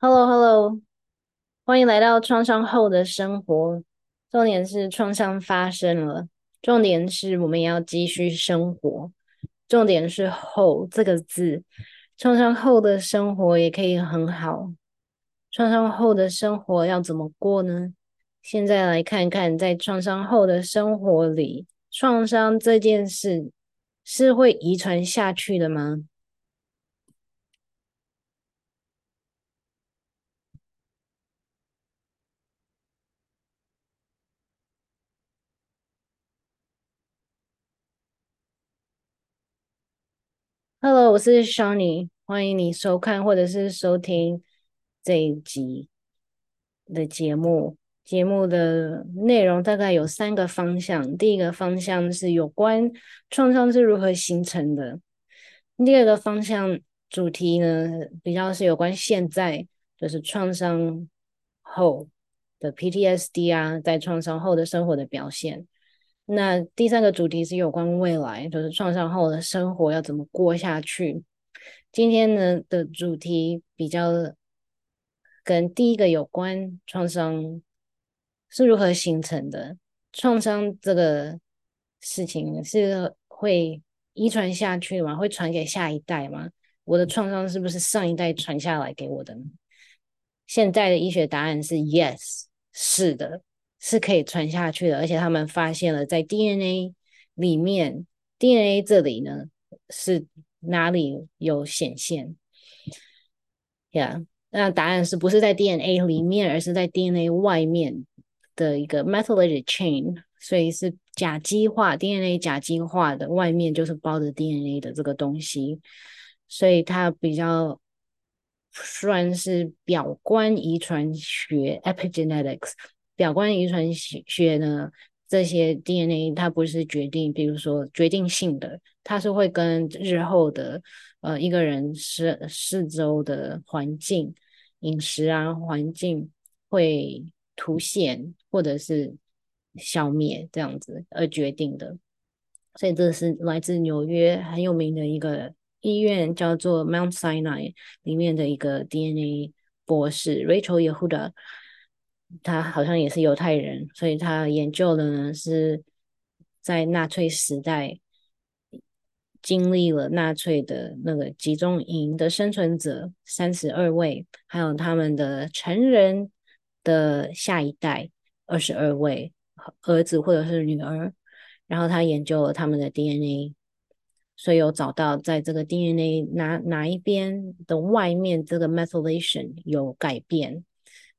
Hello Hello，歡迎來到創傷後的生活。重點是創傷發生了，重點是我們也要繼續生活。重點是後這個字，創傷後的生活也可以很好。創傷後的生活要怎麼過呢？現在來看看，在創傷後的生活裡，創傷這件事是會遺傳下去的嗎？Hello，我是 Shawny，歡迎你收看，或者是收聽這一集的節目。節目的內容大概有三個方向，第一個方向是有關創傷是如何形成的，第二個方向主題呢，比較是有關現在，就是創傷後的 PTSD 啊，在創傷後的生活的表現。那第三個主題是有關未來，就是創傷後的生活要怎麼過下去。今天呢的主題比較跟第一個有關，創傷是如何形成的？創傷這個事情是會遺傳下去的嗎？會傳給下一代嗎？我的創傷是不是上一代傳下來給我的呢？現在的醫學答案是 yes，是的。是可以傳下去的，而且他們發現了在 DNA 裡面 ，DNA 這裡呢是哪裡有顯現？呀、yeah.，那答案是不是在 DNA 裡面，而是在 DNA 外面的一個 methylated chain？所以是甲基化 DNA 甲基化的外面就是包着 DNA 的這個東西，所以它比較算是表觀遺傳學 （epigenetics）。表觀遺傳學呢，這些 DNA 它不是決定，比如說決定性的，它是會跟日後的呃一個人四周的環境、飲食啊、環境會凸顯或者是消滅這樣子而決定的。所以這是來自紐約很有名的一個醫院，叫做 Mount Sinai 裡面的一個 DNA 博士 Rachel Yehuda。他好像也是猶太人，所以他研究的呢是在納粹時代經歷了納粹的那個集中營的生存者三十二位，還有他們的成人的下一代二十二位，兒子或者是女兒，然後他研究了他們的 DNA，所以有找到在這個 DNA 哪哪一邊的外面這個 methylation 有改變。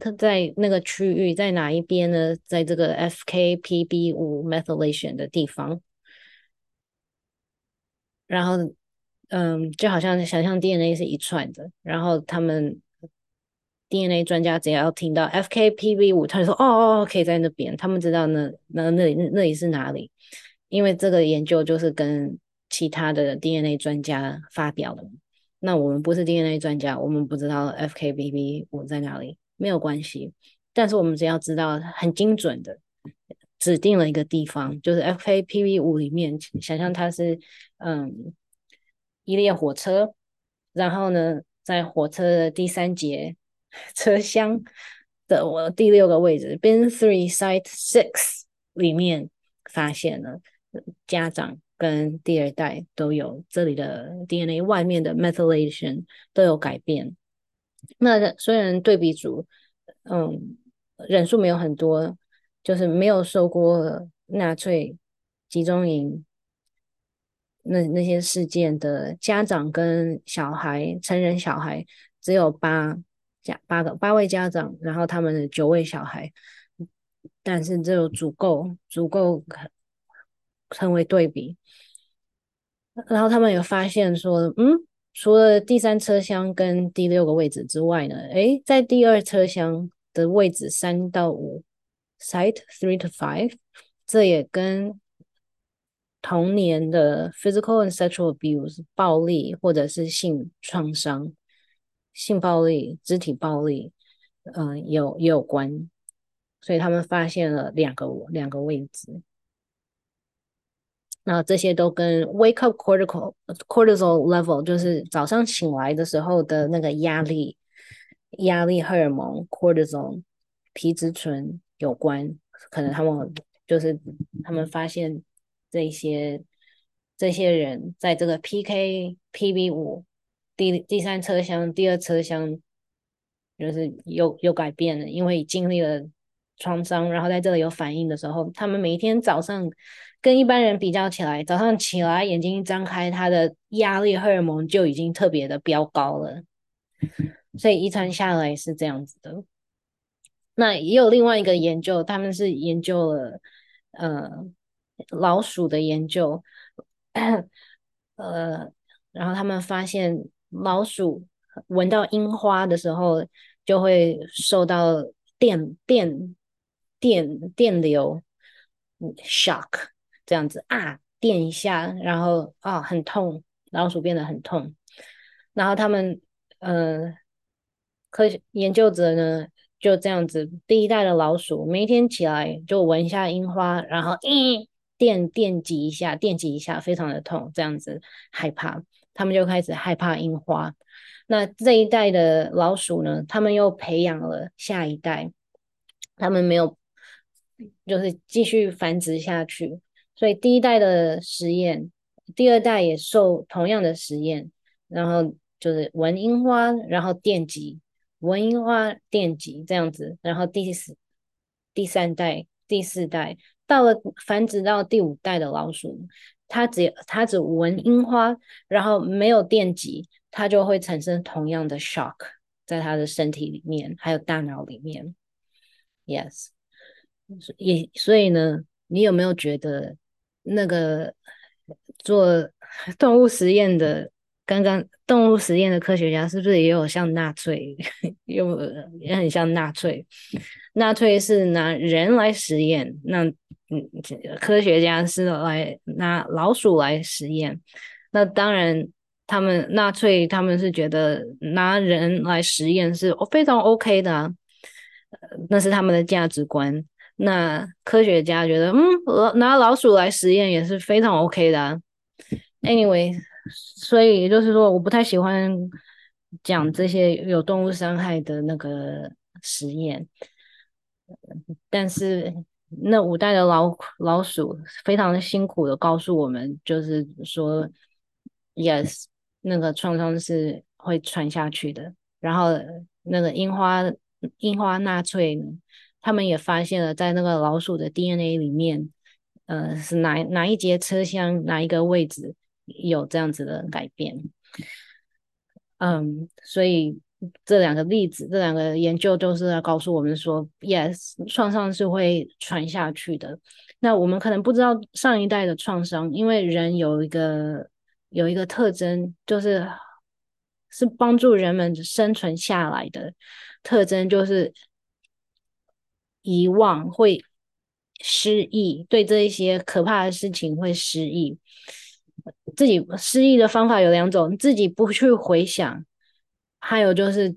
它在那個區域在哪一邊呢？在這個 FKPB 五 methylation 的地方，然後，嗯，就好像想象 DNA 是一串的，然後他們 DNA 專家只要聽到 FKPB 五，他就說哦哦，哦，可以在那邊。他們知道那那那裡那裡是哪裡，因為這個研究就是跟其他的 DNA 專家發表的。那我們不是 DNA 專家，我們不知道 FKPB 五在哪裡。沒有關係，但是我們只要知道很精準的指定了一個地方，就是 FKBP 五裡面，想象它是嗯一列火車，然後呢，在火車的第三節車廂的我的第六個位置，Bin 3 Site 6裡面發現了家長跟第二代都有這裡的 DNA 外面的 methylation 都有改變。那雖然對比組，嗯，人數沒有很多，就是沒有受過納粹集中營那那些事件的家長跟小孩，成人小孩只有八家八個八位家長，然後他們的九位小孩，但是這有足夠足夠成為對比，然後他們有發現說，嗯。除了第三車廂跟第六個位置之外呢，誒，在第二車廂的位置三到五 （site three to five） 這也跟童年的 physical and sexual abuse 暴力或者是性創傷、性暴力、肢體暴力，嗯、呃，也有也有關，所以他們發現了兩個兩個位置。那這些都跟 wake up cortisol cortisol level，就是早上醒來的時候的那個壓力、壓力荷爾蒙 cortisol 皮質醇有關。可能他們就是他們發現這些這些人在這個 PK PB 五第第三車廂、第二車廂，就是有又改變了，因為經歷了創傷，然後在這裡有反應的時候，他們每一天早上。跟一般人比較起來，早上起來眼睛一張開，他的壓力荷爾蒙就已經特別的飆高了，所以遺傳下來是這樣子的。那也有另外一個研究，他們是研究了呃老鼠的研究， 呃，然後他們發現老鼠聞到櫻花的時候，就會受到電電電電流 shock。這樣子啊，電一下，然後啊很痛，老鼠變得很痛。然後他們，呃，科學研究者呢就這樣子，第一代的老鼠每一天起來就聞一下櫻花，然後嗯電電擊一下，電擊一下，非常的痛。這樣子害怕，他們就開始害怕櫻花。那這一代的老鼠呢，他們又培養了下一代，他們沒有，就是繼續繁殖下去。所以第一代的實驗，第二代也受同樣的實驗，然後就是聞櫻花，然後電擊，聞櫻花電擊這樣子，然後第四、第三代、第四代到了繁殖到第五代的老鼠，它只它只聞櫻花，然後沒有電擊，它就會產生同樣的 shock 在它的身體裡面，還有大腦裡面。Yes，所以所以呢，你有沒有覺得？那個做動物實驗的，剛剛動物實驗的科學家是不是也有像納粹？有，也很像納粹。納粹是拿人來實驗，那嗯，科學家是來拿老鼠來實驗。那當然，他們納粹他們是覺得拿人來實驗是非常 OK 的啊，那是他們的價值觀。那科學家覺得，嗯，拿老鼠來實驗也是非常 OK 的啊。Anyway，所以就是說，我不太喜歡講這些有動物傷害的那個實驗。但是那五代的老老鼠非常的辛苦的告訴我們，就是說，嗯，Yes，那個創傷是會傳下去的。然後那個櫻花櫻花納粹呢？他們也發現了，在那個老鼠的 DNA 裡面，呃，是哪哪一節車廂、哪一個位置有這樣子的改變？嗯，所以這兩個例子、這兩個研究都是要告訴我們說，yes，創傷是會傳下去的。那我們可能不知道上一代的創傷，因為人有一個有一個特徵，就是是幫助人們生存下來的特徵，就是。遺忘會失憶，對這一些可怕的事情會失憶。自己失憶的方法有兩種：自己不去回想，還有就是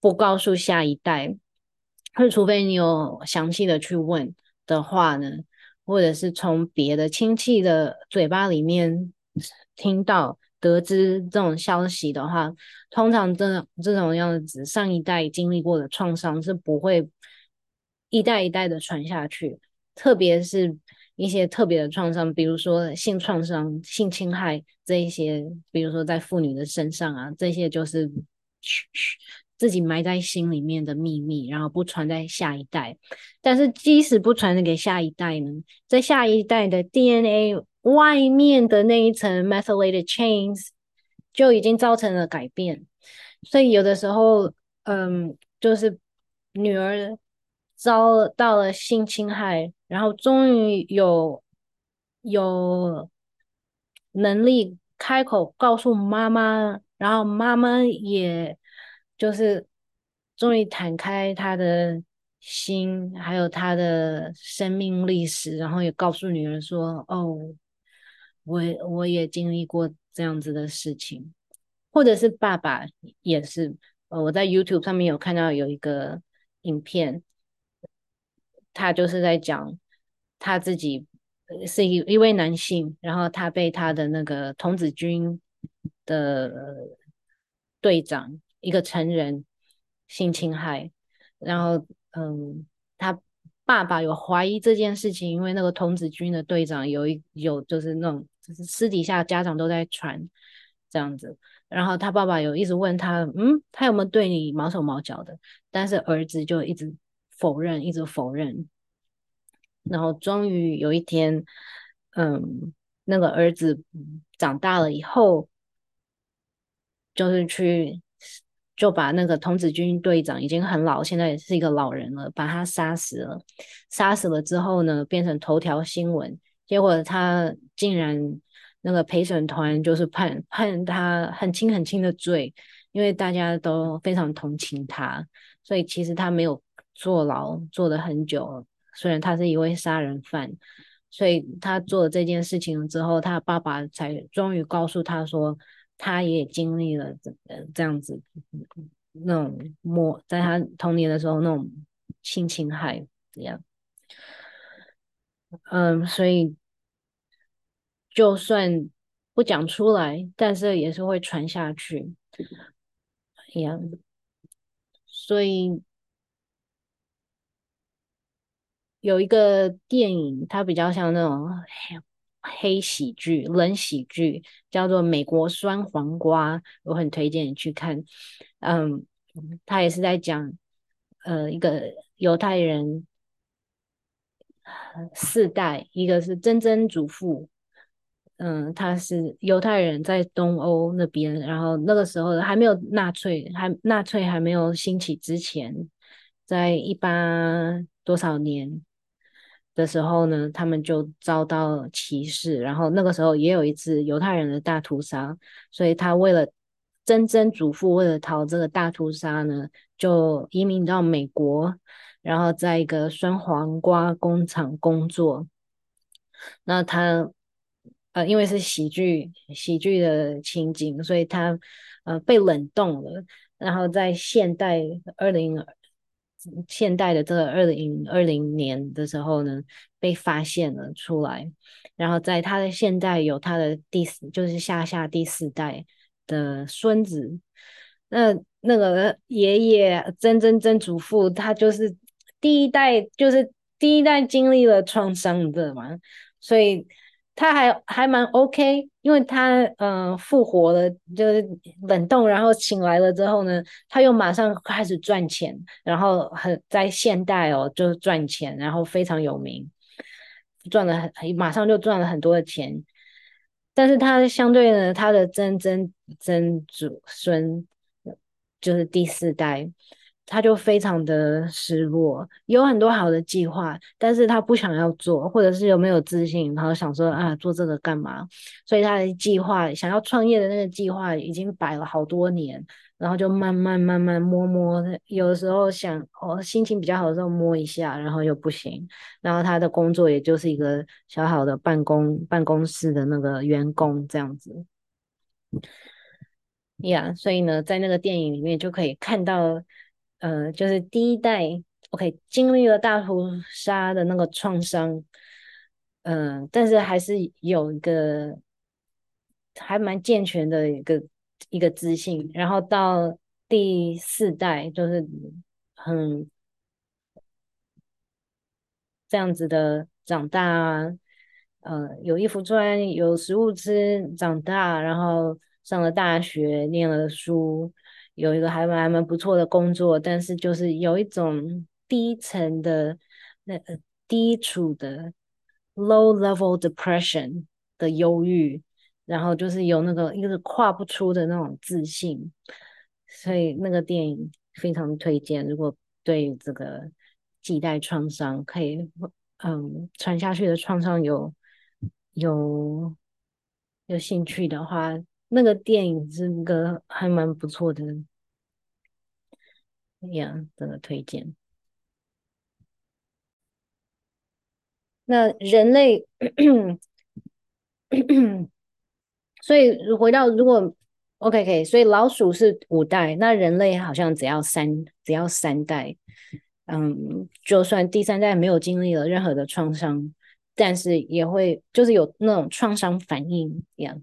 不告訴下一代。就除非你有詳細的去問的話呢，或者是從別的親戚的嘴巴裡面聽到、得知這種消息的話，通常這這種樣子，上一代經歷過的創傷是不會。一代一代的傳下去，特別是一些特別的創傷，比如說性創傷、性侵害這一些，比如說在婦女的身上啊，這些就是噓噓自己埋在心裡面的秘密，然後不傳在下一代。但是即使不傳給下一代呢，在下一代的 DNA 外面的那一層 methylated chains 就已經造成了改變。所以有的時候，嗯，就是女兒，遭到了性侵害，然後終於有有能力開口告訴媽媽，然後媽媽也就是終於坦開她的心，還有她的生命歷史，然後也告訴女兒說：“哦，我我也經歷過這樣子的事情，或者是爸爸也是。”呃，我在 YouTube 上面有看到有一個影片。他就是在講他自己是一一位男性，然後他被他的那個童子軍的隊長一個成人性侵害，然後嗯，他爸爸有懷疑這件事情，因為那個童子軍的隊長有一有就是那種、就是、私底下家長都在傳這樣子，然後他爸爸有一直問他，嗯，他有沒有對你毛手毛腳的？但是兒子就一直。否認，一直否認，然後終於有一天，嗯，那個兒子長大了以後，就是去就把那個童子軍隊長已經很老，現在也是一個老人了，把他殺死了。殺死了之後呢，變成頭條新聞。結果他竟然那個陪審團就是判判他很輕很輕的罪，因為大家都非常同情他，所以其實他沒有。坐牢坐了很久了，雖然他是一位殺人犯，所以他做了這件事情之後，他爸爸才終於告訴他說，他也經歷了這這樣子那種莫，在他童年的時候那種性侵害這樣，嗯，所以就算不講出來，但是也是會傳下去一樣，所以。有一個電影，它比較像那種黑黑喜劇、冷喜劇，叫做《美國酸黃瓜》，我很推薦你去看。嗯，它也是在講呃一個猶太人四代，一個是曾曾祖父。嗯、呃，他是猶太人在東歐那邊，然後那個時候還沒有納粹，還納粹還沒有興起之前，在一八多少年。的時候呢，他們就遭到歧視，然後那個時候也有一次猶太人的大屠殺，所以他為了曾曾祖父為了逃這個大屠殺呢，就移民到美國，然後在一個酸黃瓜工廠工作。那他呃，因為是喜劇，喜劇的情景，所以他呃被冷凍了，然後在現代二零。現代的這個二零二零年的時候呢，被發現了出來，然後在他的現代有他的第四，就是下下第四代的孫子，那那個爺爺曾曾曾祖父，他就是第一代，就是第一代經歷了創傷的嘛，所以。他還還蠻 OK，因為他嗯、呃、復活了，就是冷凍，然後醒來了之後呢，他又馬上開始賺錢，然後很在現代哦，就是賺錢，然後非常有名，賺了很，馬上就賺了很多的錢，但是他相對呢，他的曾曾曾祖孫就是第四代。他就非常的失落，有很多好的計劃，但是他不想要做，或者是有沒有自信，然後想說啊，做這個幹嘛？所以他的計劃，想要創業的那個計劃，已經擺了好多年，然後就慢慢慢慢摸摸有的時候想哦，心情比較好的時候摸一下，然後又不行。然後他的工作也就是一個小小的辦公辦公室的那個員工這樣子。Yeah, 所以呢，在那個電影裡面就可以看到。嗯、呃，就是第一代，OK，經歷了大屠殺的那個創傷，嗯、呃，但是還是有一個還蠻健全的一個一個自信。然後到第四代，就是很這樣子的長大啊，呃，有衣服穿，有食物吃，長大，然後上了大學，念了書。有一個還蠻蠻不錯的工作，但是就是有一種低層的、那呃低處的 low level depression 的憂鬱，然後就是有那個一個跨不出的那種自信，所以那個電影非常推薦。如果對這個幾代創傷可以嗯傳下去的創傷有有有興趣的話。那個電影是個還蠻不錯的，哎呀，真的推薦。那人類， 所以回到如果 OK，OK，所以老鼠是五代，那人類好像只要三，只要三代，嗯，就算第三代沒有經歷了任何的創傷。但是也會就是有那種創傷反應一樣。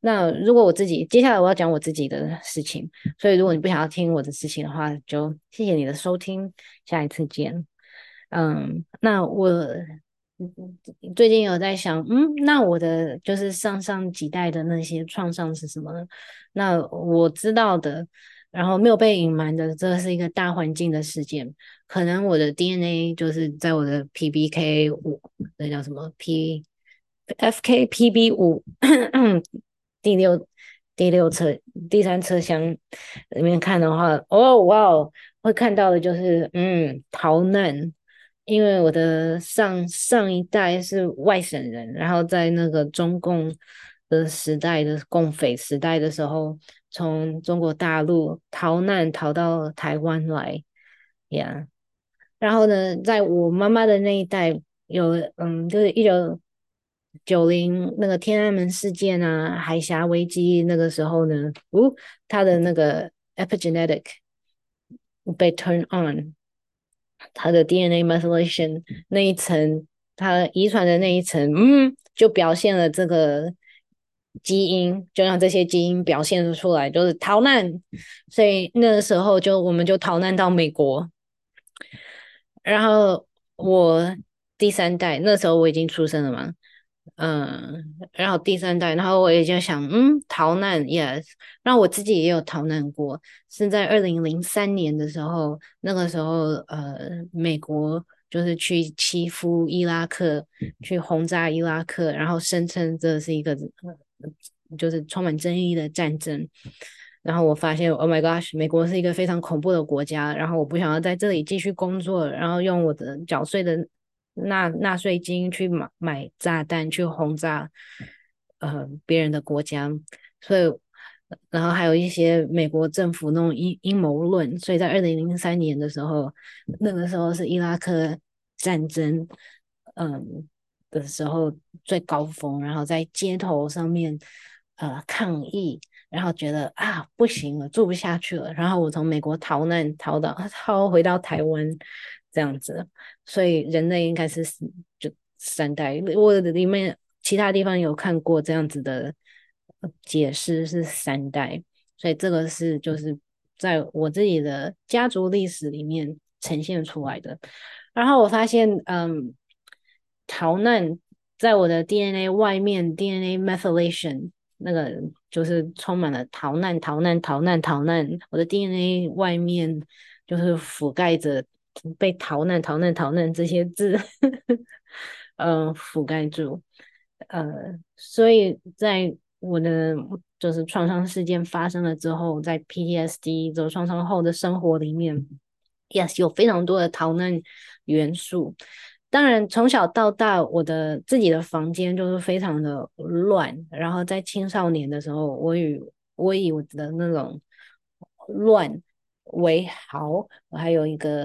那如果我自己接下來我要講我自己的事情，所以如果你不想要聽我的事情的話，就謝謝你的收聽，下一次見。嗯，那我最近有在想，嗯，那我的就是上上幾代的那些創傷是什麼呢？那我知道的。然後沒有被隱瞞的，這是一個大環境的事件。可能我的 DNA 就是在我的 PBK 五，那叫什麼 PFKPB 五 第六第六車第三車廂裡面看的話，哦哇哦，會看到的就是嗯逃難，因為我的上上一代是外省人，然後在那個中共的時代的共匪時代的時候。從中國大陸逃難逃到台灣來，呀，yeah，然後呢，在我媽媽的那一代有，嗯，就是一九九零那個天安門事件啊，海峽危機那個時候呢，哦，她的那個 epigenetic 被 turn on，她的 DNA methylation 那一層，她遺傳的那一層，嗯，就表現了這個。基因就讓這些基因表現出來，就是逃難，所以那個時候就我們就逃難到美國。然後我第三代那時候我已經出生了嘛，嗯，然後第三代，然後我也就想，嗯，逃難，yes，然後我自己也有逃難過，是在二零零三年的時候，那個時候呃，美國就是去欺負伊拉克，去轟炸伊拉克，然後聲稱這是一個。就是充滿爭議的戰爭，然後我發現，Oh my gosh，美國是一個非常恐怖的國家，然後我不想要在這裡繼續工作，然後用我的繳稅的納納稅金去買買炸彈去轟炸呃別人的國家，所以，然後還有一些美國政府那種陰陰謀論，所以在二零零三年的時候，那個時候是伊拉克戰爭，嗯。的時候最高峰，然後在街頭上面呃抗議，然後覺得啊不行了，住不下去了，然後我從美國逃難逃到逃回到台灣這樣子，所以人類應該是就三代。我的裡面其他地方有看過這樣子的解釋是三代，所以這個是就是在我自己的家族歷史裡面呈現出來的。然後我發現嗯。逃難在我的 DNA 外面，DNA methylation 那個就是充滿了逃難、逃難、逃難、逃難。我的 DNA 外面就是覆蓋着被逃難、逃難、逃難這些字，嗯、 呃，覆蓋住。呃，所以在我的就是創傷事件發生了之後，在 PTSD，就創傷後的生活裡面，yes，有非常多的逃難元素。當然，從小到大，我的自己的房間就是非常的亂。然後在青少年的時候，我以我以我的那種亂為豪。我還有一個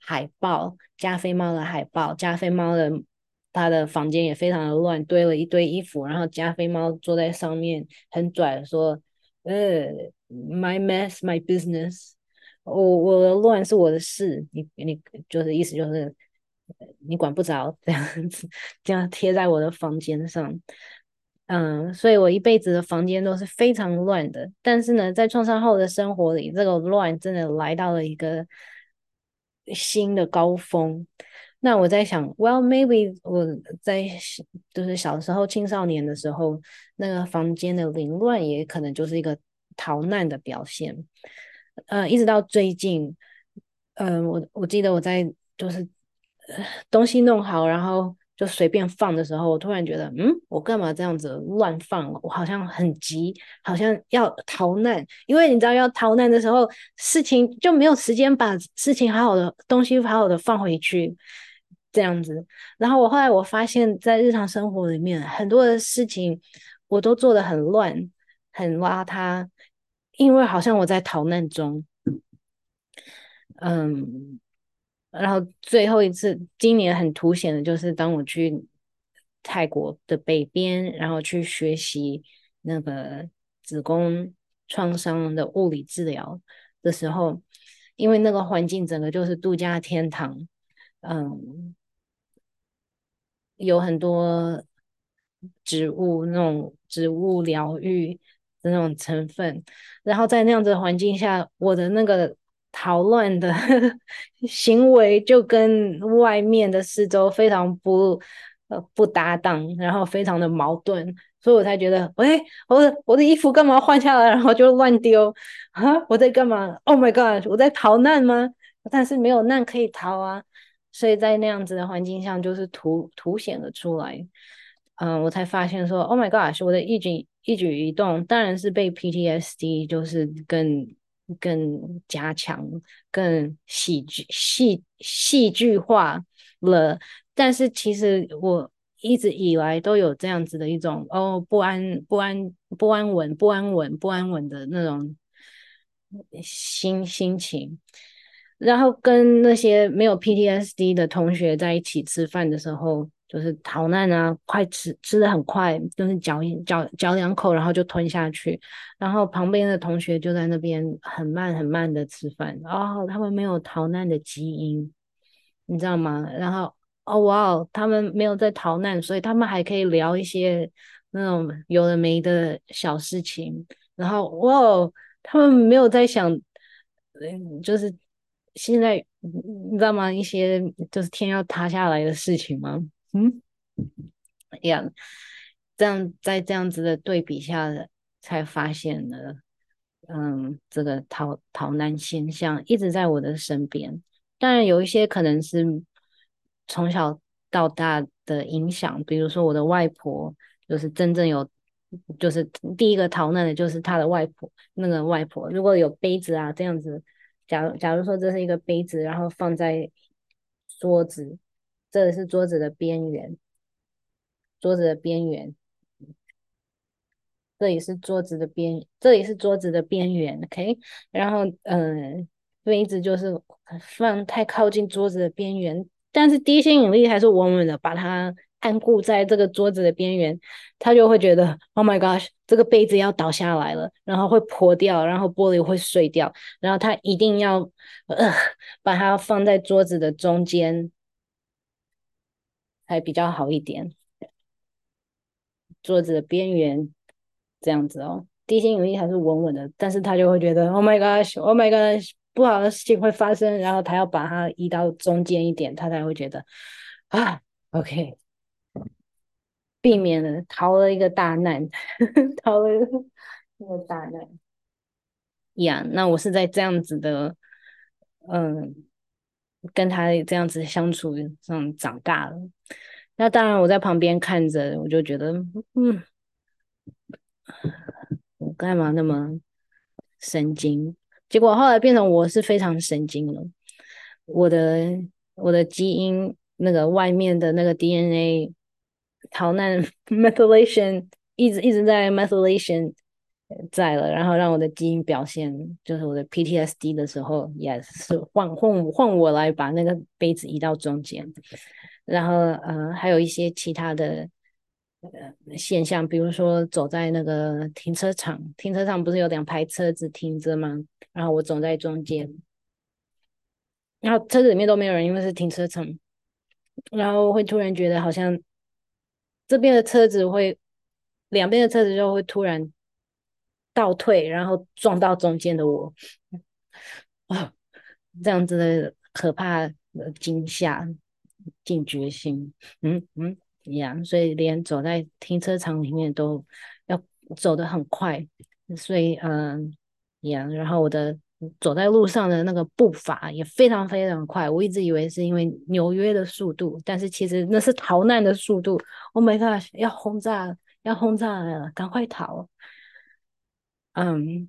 海報，加菲貓的海報。加菲貓的他的房間也非常的亂，堆了一堆衣服。然後加菲貓坐在上面，很拽說：“呃，uh, my mess, my business。Oh，我我的亂是我的事。你你就是意思就是。”你管不着這樣子，這樣貼在我的房間上，嗯，所以我一輩子的房間都是非常亂的。但是呢，在創傷後的生活裡，這個亂真的來到了一個新的高峰。那我在想，Well, maybe 我在就是小時候、青少年的時候，那個房間的凌亂也可能就是一個逃難的表現。呃，嗯，一直到最近，嗯，我我記得我在就是。東西弄好，然後就隨便放的時候，我突然覺得，嗯，我幹嘛這樣子亂放？我好像很急，好像要逃難。因為你知道，要逃難的時候，事情就沒有時間把事情好好的東西好好的放回去，這樣子。然後我後來我發現，在日常生活裡面，很多的事情我都做得很亂，很邋遢，因為好像我在逃難中，嗯。然後最後一次，今年很凸顯的就是，當我去泰國的北邊，然後去學習那個子宮創傷的物理治療的時候，因為那個環境整個就是度假天堂，嗯，有很多植物那種植物療癒的那種成分，然後在那樣子的環境下，我的那個逃亂的 行為就跟外面的四周非常不呃不搭檔，然後非常的矛盾，所以我才覺得，喂，我的我的衣服幹嘛換下來，然後就亂丟哈，我在幹嘛？Oh my god，我在逃難嗎？但是沒有難可以逃啊，所以在那樣子的環境下，就是凸凸顯了出來。嗯、呃，我才發現說，Oh my god，是我的一舉一舉一動，當然是被 PTSD，就是跟。更加強、更喜劇、戲戲劇化了。但是，其實我一直以來都有這樣子的一種哦不安、不安、不安穩、不安穩、不安穩的那種心心情。然後跟那些沒有 PTSD 的同學在一起吃飯的時候。就是逃難啊，快吃吃得很快，就是嚼一嚼嚼兩口，然後就吞下去。然後旁邊的同學就在那邊很慢很慢的吃飯。然後哦他們沒有逃難的基因，你知道嗎？然後哦哇哦，他們沒有在逃難，所以他們還可以聊一些那種有的沒的小事情。然後哇、哦，他們沒有在想，嗯，就是現在你知道嗎？一些就是天要塌下來的事情嗎？嗯，呀，yeah，這樣在這樣子的對比下，才發現了，嗯，這個逃逃難現象一直在我的身邊。當然，有一些可能是從小到大的影響，比如說我的外婆，就是真正有，就是第一個逃難的，就是她的外婆。那個外婆，如果有杯子啊這樣子，假如假如說這是一個杯子，然後放在桌子。這裡是桌子的邊緣，桌子的邊緣，這裡是桌子的邊，這裡是桌子的邊緣。OK，然後，嗯、呃，杯子就是放太靠近桌子的邊緣，但是地心引力還是穩穩的把它按固在這個桌子的邊緣，他就會覺得，Oh my God，這個杯子要倒下來了，然後會破掉，然後玻璃會碎掉，然後他一定要、呃、把它放在桌子的中間。還比較好一點，桌子的邊緣這樣子哦，地心引力還是穩穩的，但是他就會覺得，Oh my god，Oh my god，不好的事情會發生，然後他要把它移到中間一點，他才會覺得，啊，OK，避免了，逃了一個大難，逃了一個大難， 呀 Yeah, 那我是在這樣子的，嗯、呃，跟他這樣子相處上長大了。那當然，我在旁邊看着，我就覺得，嗯，我幹嘛那麼神經？結果後來變成我是非常神經了。我的我的基因那個外面的那個 DNA 逃難 methylation 一直一直在 methylation 在了，然後讓我的基因表現就是我的 PTSD 的時候，也、yes, 是、so, 換換換我來把那個杯子移到中間。然後，呃，還有一些其他的呃現象，比如說走在那個停車場，停車場不是有兩排車子停着嗎？然後我走在中間，然後車子裡面都沒有人，因為是停車場，然後我會突然覺得好像這邊的車子會兩邊的車子就會突然倒退，然後撞到中間的我，哦，這樣子的可怕的驚嚇。進決心，嗯嗯，一樣，所以連走在停車場裡面都要走得很快，所以嗯，一樣。然後我的走在路上的那個步伐也非常非常快。我一直以為是因為紐約的速度，但是其實那是逃難的速度。Oh my god！要轟炸，要轟炸了，趕快逃！嗯，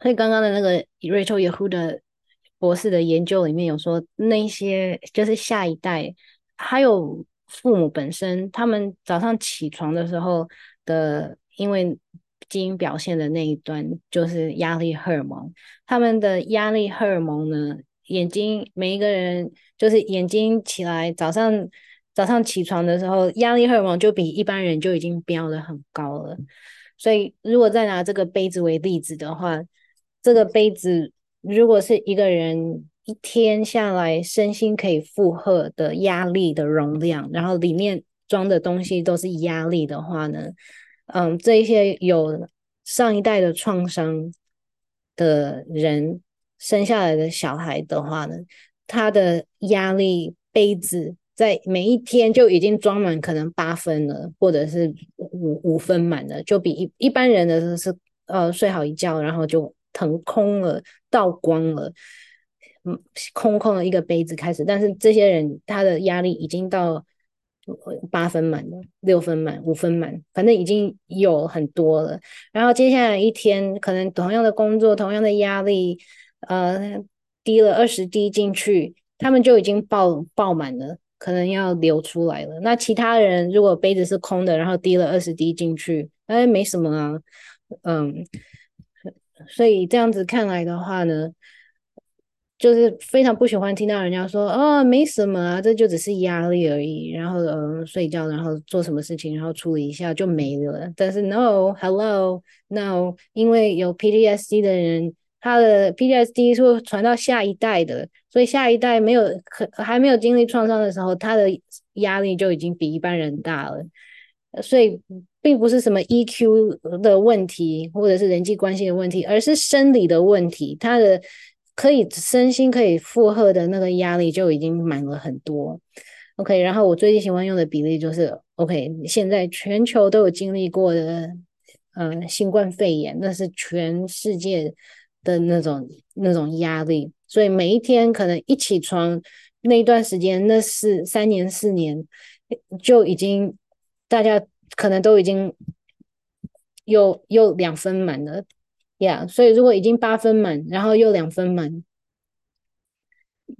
所以剛剛的那個 Rachel Yehuda。博士的研究裡面有說，那些就是下一代，還有父母本身，他們早上起床的時候的，因為基因表現的那一段就是壓力荷爾蒙，他們的壓力荷爾蒙呢，眼睛每一個人就是眼睛起來早上早上起床的時候，壓力荷爾蒙就比一般人就已經飆得很高了，所以如果再拿這個杯子為例子的話，這個杯子。如果是一個人一天下來身心可以負荷的壓力的容量，然後裡面裝的東西都是壓力的話呢，嗯，這些有上一代的創傷的人生下來的小孩的話呢，他的壓力杯子在每一天就已經裝滿，可能八分了，或者是五五分滿了，就比一一般人的是呃睡好一覺，然後就騰空了，倒光了，嗯，空空的一個杯子開始，但是這些人他的壓力已經到八分滿、六分滿、五分滿，反正已經有很多了。然後接下來一天，可能同樣的工作、同樣的壓力，呃，滴了二十滴進去，他們就已經爆爆滿了，可能要流出來了。那其他人如果杯子是空的，然後滴了二十滴進去，哎，沒什麼啊，嗯。所以這樣子看來的話呢，就是非常不喜歡聽到人家說啊、哦，沒什麼啊，這就只是壓力而已。然後嗯、呃，睡覺，然後做什麼事情，然後處理一下就沒了。但是 no，hello，no，因為有 PTSD 的人，他的 PTSD 是會傳到下一代的，所以下一代沒有，可，還沒有經歷創傷的時候，他的壓力就已經比一般人大了。所以。並不是什麼 EQ 的問題，或者是人際關係的問題，而是生理的問題。他的可以身心可以負荷的那個壓力就已經滿了很多。OK，然後我最近喜歡用的比例就是 OK。現在全球都有經歷過的，呃，新冠肺炎，那是全世界的那種那種壓力，所以每一天可能一起床那一段時間，那是三年四年就已經大家。可能都已經又又兩分滿了，Yeah，所以如果已經八分滿，然後又兩分滿，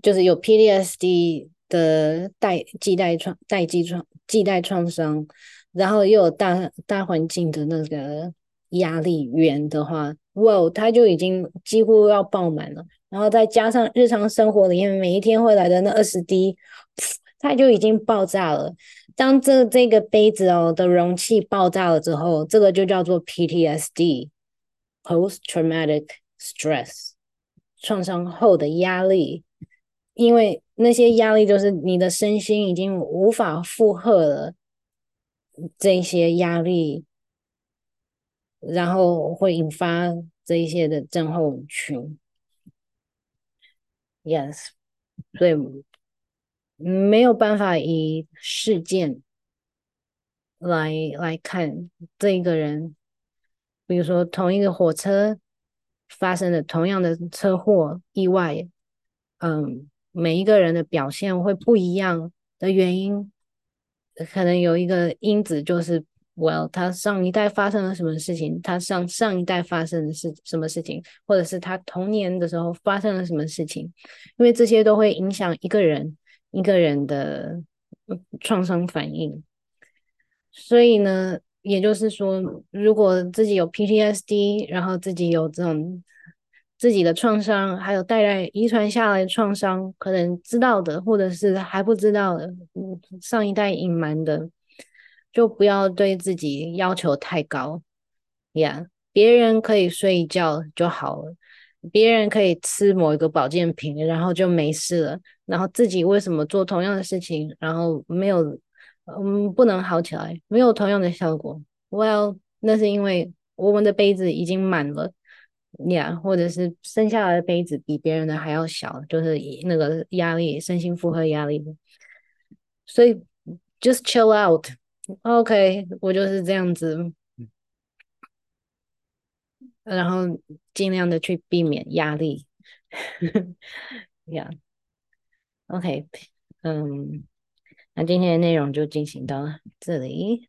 就是有 PTSD 的代際代創、代際創、際代創傷，然後又有大大環境的那個壓力源的話，哇，它就已經幾乎要爆滿了，然後再加上日常生活裡面每一天會來的那二十滴。它就已經爆炸了。當這這個杯子哦的容器爆炸了之後，這個就叫做 PTSD（post-traumatic stress，創傷後的壓力）。因為那些壓力就是你的身心已經無法負荷了，這些壓力，然後會引發這一些的症候群。Yes，所以。沒有辦法以事件來來看這一個人，比如說同一個火車發生了同樣的車禍意外，嗯，每一個人的表現會不一樣的原因，可能有一個因子就是，well 他上一代發生了什麼事情，他上上一代發生的事什麼事情，或者是他童年的時候發生了什麼事情，因為這些都會影響一個人。一個人的創傷反應，所以呢，也就是說，如果自己有 PTSD，然後自己有這種自己的創傷，還有帶來遺傳下來的創傷，可能知道的，或者是還不知道的，上一代隱瞞的，就不要對自己要求太高呀。別人可以睡一覺就好了，別人可以吃某一個保健品，然後就沒事了。然後自己為什麼做同樣的事情，然後沒有嗯，不能好起來，沒有同樣的效果？Well，那是因為我們的杯子已經滿了呀，yeah, 或者是生下來的杯子比別人的還要小，就是那個壓力、身心負荷壓力。所、so, 以，just chill out，OK，、okay, 我就是這樣子、嗯，然後儘量的去避免壓力，呀、 yeah.。OK，嗯，那今天的內容就進行到這裡。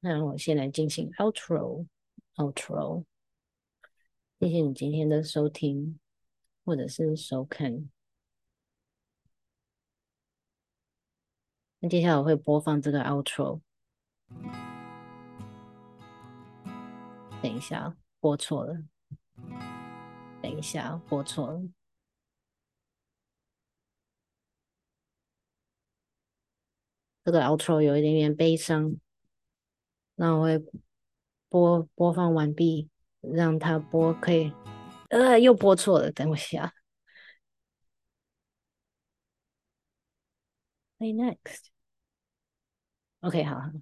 那我先來進行 outro，outro。謝謝你今天的收聽或者是收看。那接下來我會播放這個 outro。等一下，播錯了。等一下，播錯了。這個 outro 有一點點悲傷，那我會播播放完畢，讓它播可以。呃，又播錯了，等我一下。Play next。OK，好，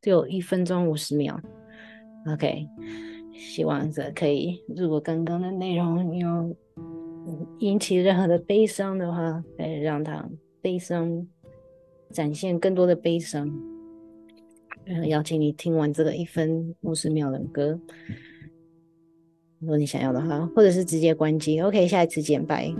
就一分鐘五十秒。OK。希望這可以。如果剛剛的內容有引起任何的悲傷的話，來讓他悲傷，展現更多的悲傷。然後邀請你聽完這個一分五十秒的歌，如果你想要的話，或者是直接關機。OK，下一次見，拜。